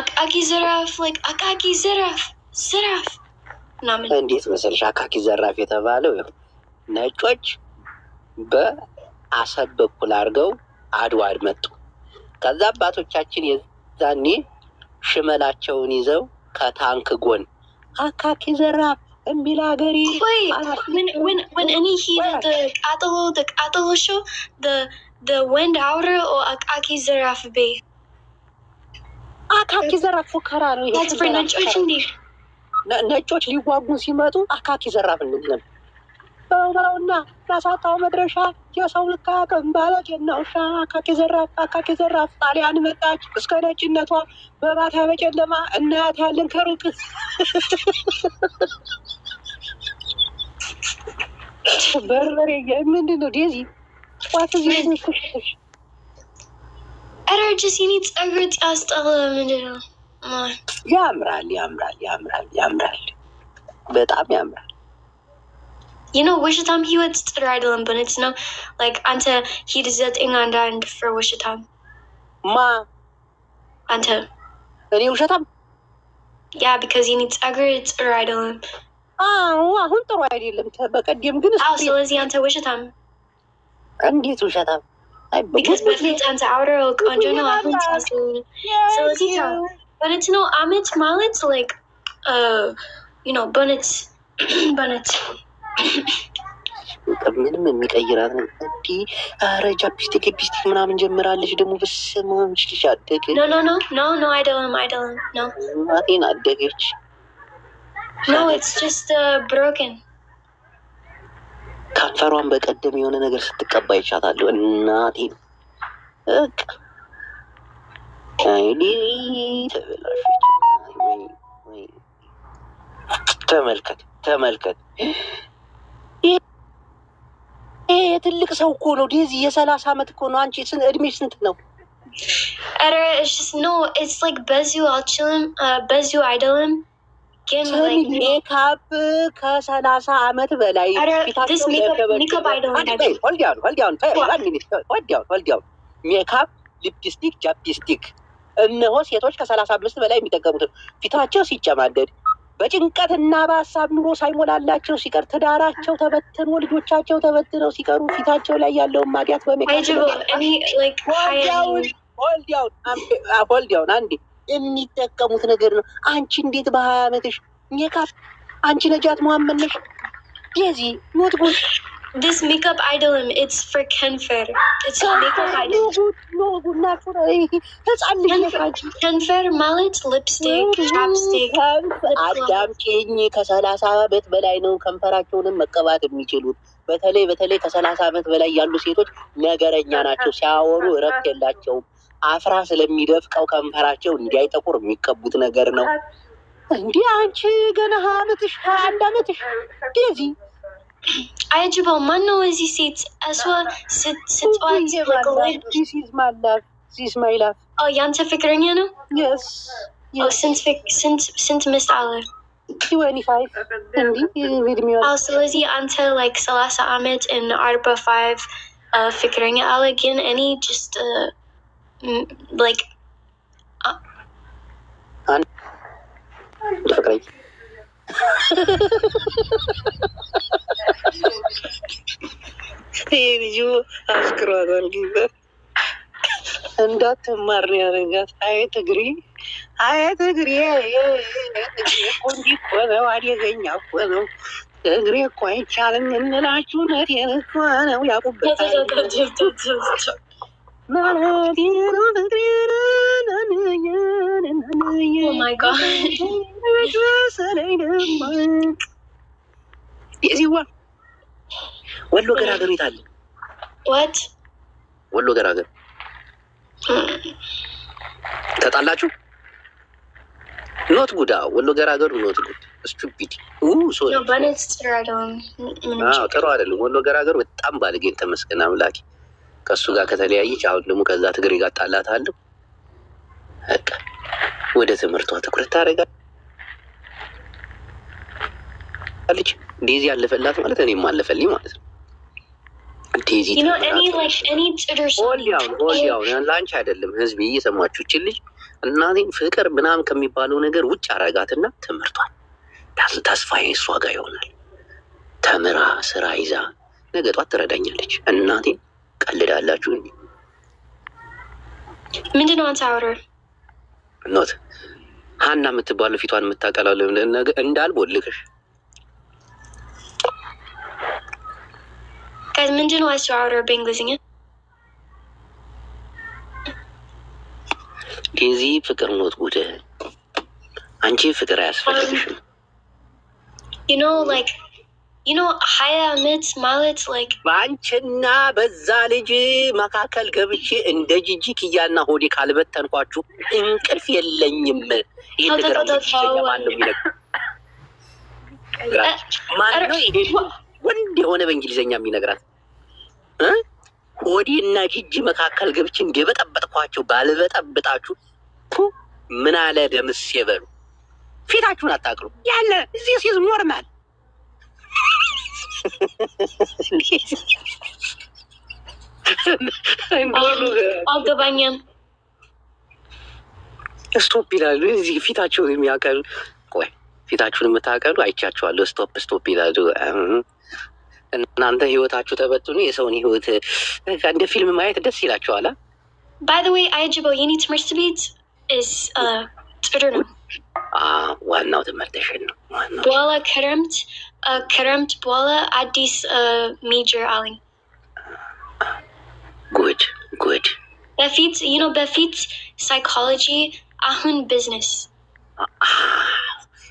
አቃቂ ዘራፍ ላይ አቃቂ ዘራፍ ዘራፍ ምናምን እንዴት መሰለሽ፣ አቃቂ ዘራፍ የተባለው ነጮች በአሰብ በኩል አድርገው አድዋድ መጡ። ከዛ አባቶቻችን የዛኔ ሽመላቸውን ይዘው ከታንክ ጎን አካኪ ዘራፍ የሚል ሀገሪ እኔ ቃጥሎ ቃጥሎ ሾ ወንድ አውረ አቃቂ ዘራፍ ቤ አካኪ ዘራፍ ፉከራ ነው። ነጮች እንዲህ ነጮች ሊዋጉ ሲመጡ አካኪ ዘራፍ እንለም በውበውና ያሳጣው መድረሻ የሰው ልካ ቀንባለች የናውሻ አካኪ ዘራፍ አካኪ ዘራፍ ጣሊያን መጣች እስከ ነጭነቷ በማታ በጨለማ እናያት ያለን ከሩቅ በርበሬ ምንድን ነው ዴዚ ቋት ዜ ረጅስ ኔት ጸጉር ያስጠላ ምንድን ነው? ያምራል፣ ያምራል፣ ያምራል፣ ያምራል፣ በጣም ያምራል። የነው ውሽታም ህይወት ጥሩ አይደለም። በነትስ ነው ላይክ አንተ ሂድ ዘጠኝ አንድ አንድ ፍር ውሽታም ማ አንተ እኔ ውሸታም ያ ቢካዝ የኔ ጸጉር ጥሩ አይደለም። አሁን ጥሩ አይደለም፣ በቀደም ግን። ስለዚህ አንተ ውሸታም እንዴት ውሸታም because we can dance outer like on general outfits. Yeah, so let's But it's know Amit Malit like, uh, you know, bonnet, bonnet. ምንም የሚቀይራት ነው። እንዲ አረ ቻፕስቲክ ፒስቲክ ምናምን ጀምራለች። ደግሞ በስመአብ ልጅ አደገች። not ኖ ኖ ኖ No. አይደለም አይደለም። ኖ broken. ከንፈሯን በቀደም የሆነ ነገር ስትቀባ ይቻታለሁ። እናቴ ተመልከት ተመልከት፣ ይሄ ትልቅ ሰው እኮ ነው። ዴዚ የሰላሳ አመት እኮ ነው። አንቺ እድሜ ስንት ነው? ኧረ ኖ ኢትስ ላይክ በዚሁ አልችልም፣ በዚሁ አይደለም ሜካፕ ከሰላሳ አመት በላይ ሜካፕ፣ ሊፕስቲክ፣ እነሆ ሴቶች ከሰላሳ አምስት በላይ የሚጠቀሙትን ፊታቸው ሲጨማደድ በጭንቀትና በሀሳብ ኑሮ ሳይሞላላቸው ሲቀር ትዳራቸው ተበትኖ ልጆቻቸው ተበትነው ሲቀሩ ፊታቸው ላይ ያለውን ማዲያት በሜካፕ ሆልዲያውን አንዴ የሚጠቀሙት ነገር ነው። አንቺ እንዴት በሀያ ዓመትሽ ሜካፕ አንቺ ነጃት መሐመድ ነሽ ዴዚ ኖት ጉድ ዲስ ሜካፕ አይደለም ኢትስ ፎር ከንፈር ከንፈር ማለት ሊፕስቲክ ቻፕስቲክ አዳምጪኝ ከሰላሳ አመት በላይ ነው ከንፈራቸውንም መቀባት የሚችሉት በተለይ በተለይ ከሰላሳ አመት በላይ ያሉ ሴቶች ነገረኛ ናቸው ሲያወሩ እረፍት የላቸውም አፍራ ስለሚደፍቀው ከንፈራቸው እንዳይጠቁር የሚቀቡት ነገር ነው። እንዲህ አንቺ ገና ሀያ ዓመትሽ ሀያ አንድ ዓመትሽ ዴዚ አይጅበው ማን ነው እዚህ ሴት እሷ ስትዋትማላት የአንተ ፍቅረኛ ነው። ስንት ምስት አለ ስለዚህ አንተ ላይክ ሰላሳ ዓመት እና አርባ ፋይቭ ፍቅረኛ አለ ግን እኔ ጅስት like ልጁ አስክሯታል። ጊዜ እንዳትማር ነው ያደረጋት። አይ ትግሪ፣ አይ ትግሪ እንዲህ እኮ ነው፣ አደገኛ እኮ ነው። ትግሪ እኮ አይቻልም የምላችሁ ነው ያቁበት የዚዋ oh ወሎ ገራገር የት አለ? ወት ወሎ ተጣላችሁ? ኖት ጉዳ ወሎ ኖት ጉድ ስቱፒድ ጥሩ አይደለም። ወሎ ገራገሩ በጣም ባለጌን ተመስገን አምላኬ ከእሱ ጋር ከተለያየች አሁን ደግሞ ከዛ ትግሬ ጋር ጣላታለሁ። ወደ ትምህርቷ ትኩረት ታደርጋለች። ዴዚ አለፈላት ማለት እኔም አለፈልኝ ማለት ነው። ዴዚ ለአንቺ አይደለም ህዝብ እየሰማችሁ ልጅ እናቴን ፍቅር ምናምን ከሚባለው ነገር ውጭ አረጋትና ትምህርቷን እሷ ጋር ይሆናል። ተምራ ስራ ይዛ ነገ ትረዳኛለች እናቴን ቀልዳላችሁ። ምንድን ነው አንተ ኖት ሀና የምትባለው ፊቷን የምታቀላለ ልክሽ ምንድን ነው አስተዋወረው በእንግሊዝኛ ዴዚ ፍቅር ኖት ጉድ አንቺ ፍቅር አያስፈልግሽም። ዩኖ ሀያ አመት ማለት ላይክ በአንቺና በዛ ልጅ መካከል ገብቼ እንደ ጅጂ ክያና ሆዴ ካልበተንኳችሁ እንቅልፍ የለኝም። ይህ ወንድ የሆነ በእንግሊዝኛ የሚነግራት እና ጅጅ መካከል ገብቼ እንደበጠበጥኳቸው ባልበጠብጣችሁ ምን አለ ደምስ የበሉ ፊታችሁን አታቅሉ ያለ እዚህ ሲዝ ኖርማል አልገባኝም። ስቶፕ ይላሉ። እዚህ ፊታቸውን የሚያቀሉ ቆይ ፊታችሁን የምታቀሉ አይቻችኋለሁ። ስቶፕ ስቶፕ ይላሉ። እናንተ ህይወታችሁ ተበትኑ። የሰውን ህይወት እንደ ፊልም ማየት ደስ ይላችኋላ። ባይ ዘ ወይ አይጅበው የኔ ትምህርት ቤት uh, ጥሩ ነው። ዋናው ትምህርትሽን ነው። በኋላ ክረምት ክረምት በኋላ አዲስ ሜጀር አለኝ። ጉድ ጉድ። በፊት ዩኖ በፊት ሳይኮሎጂ፣ አሁን ቢዝነስ።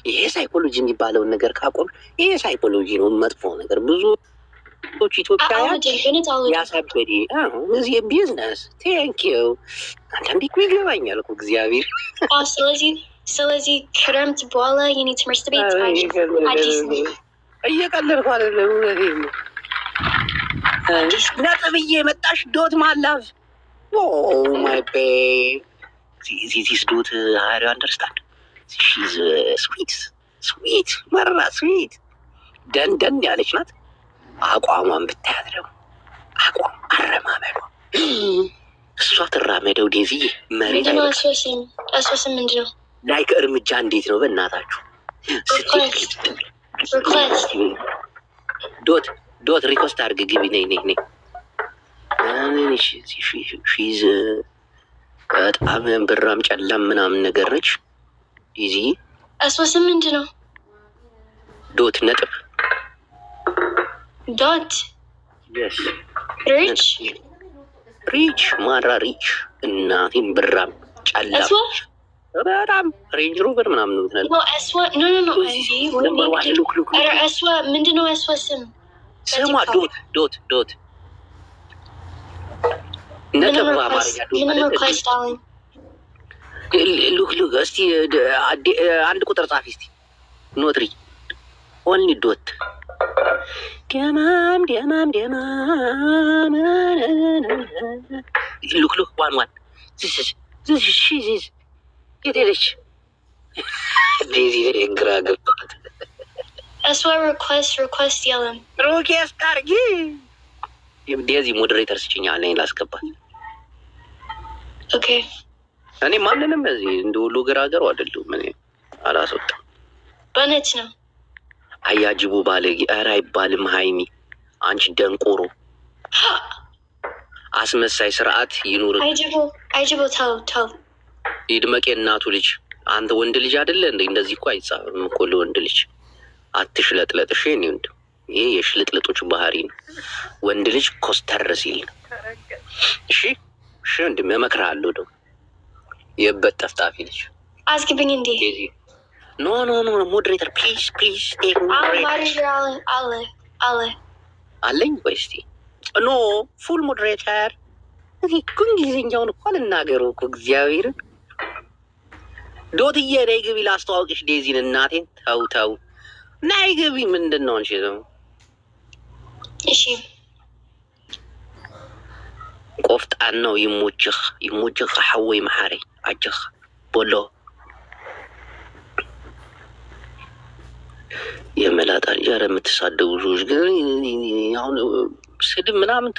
ይሄ ሳይኮሎጂ የሚባለውን ነገር ካቆም ይሄ ሳይኮሎጂ ነው መጥፎ ነገር ብዙ ቶች ኢትዮጵያውያን ያሳበዴ እዚህ ቢዝነስ ቴንኪው አንዳንዴ እኮ ይገባኛል እኮ እግዚአብሔር። ስለዚህ ስለዚህ ክረምት በኋላ የኔ ትምህርት ቤት እየቀለድኩ አይደለም፣ ነጥብዬ የመጣሽ ዶት ማላፍ ኦ ማይ ቤብ ዚዚስ ዶት ሀሪ አንደርስታንድ ሺዝ ስዊት ስዊት መራ ስዊት ደንደን ያለች ናት። አቋሟን ብታያት ደግሞ አቋም አረማመዷ እሷ ትራመደው ዴዚ መሬት አሶስም ነው ላይክ እርምጃ እንዴት ነው በእናታችሁ ዶት ዶት ሪኮስት አድርግ ግቢ ነይ ነይ ነይ ሺዝ በጣም ብራም ጨላም ምናምን ነገር ነች ዴዚ አሶስም ምንድን ነው ዶት ነጥብ ዶት ሪች ሪች ማራ ሪች እናቴን ብራም ጫላ በጣም ሬንጅ ሮቨር ምናምን ነው። ምንድን ነው እስወ ስም ስሟ ዶት ዶት ዶት ሉክ እስቲ አንድ ቁጥር ጻፊ እስቲ ኖትሪ ኦንሊ ዶት ደማም ደማም ደማም ሉክ ሉክ ዋን ዋን ዚዝ የት ሄደች? ዴዚ ግራ ገብቷት ዴዚ ሞዴሬተር ስጭኛ ለኝ ላስገባት። እኔ ማንንም እዚህ እንደ ወሎ ገር ሀገሩ አይደለሁም እኔ አላስወጣም በነች ነው አያጅቡ ባለጌ። ኧረ አይባልም ሀይሚ፣ አንቺ ደንቆሮ አስመሳይ። ስርዓት ይኑር። አይጅቡ ተው ተው። ይድመቅ የእናቱ ልጅ። አንተ ወንድ ልጅ አይደለ እንደ እንደዚህ እኮ አይጻፍም እኮ ለወንድ ልጅ። አትሽለጥለጥሽ። ኔ ወንድ ይሄ የሽልጥልጦች ባህሪ ነው። ወንድ ልጅ ኮስተር ሲል እሺ እሺ፣ ወንድሜ እመክርሃለሁ። ደግሞ የበት ጠፍጣፊ ልጅ አስግብኝ እንዴ ኖ ኖ ኖ ሞዴሬተር ፕሊዝ ፕሊዝ አለኝ ወይ እስኪ ኖ ፉል ሞዴሬተር እኮ እንግሊዝኛውን እኮ አልናገሩ እኮ እግዚአብሔርን ዶትዬ ነይ ግቢ ላስተዋውቅሽ ዴዚን እናቴን ተው ተው ነይ ግቢ ምንድን ነው አንቺ ነው እሺ ቆፍጣን ነው ይሙችህ ይሙችህ ሐወይ መሐሪ አጅህ ቦሎ የመላጣ ልጅ የምትሳደቡ ሰዎች ግን አሁን ስድብ ምናምን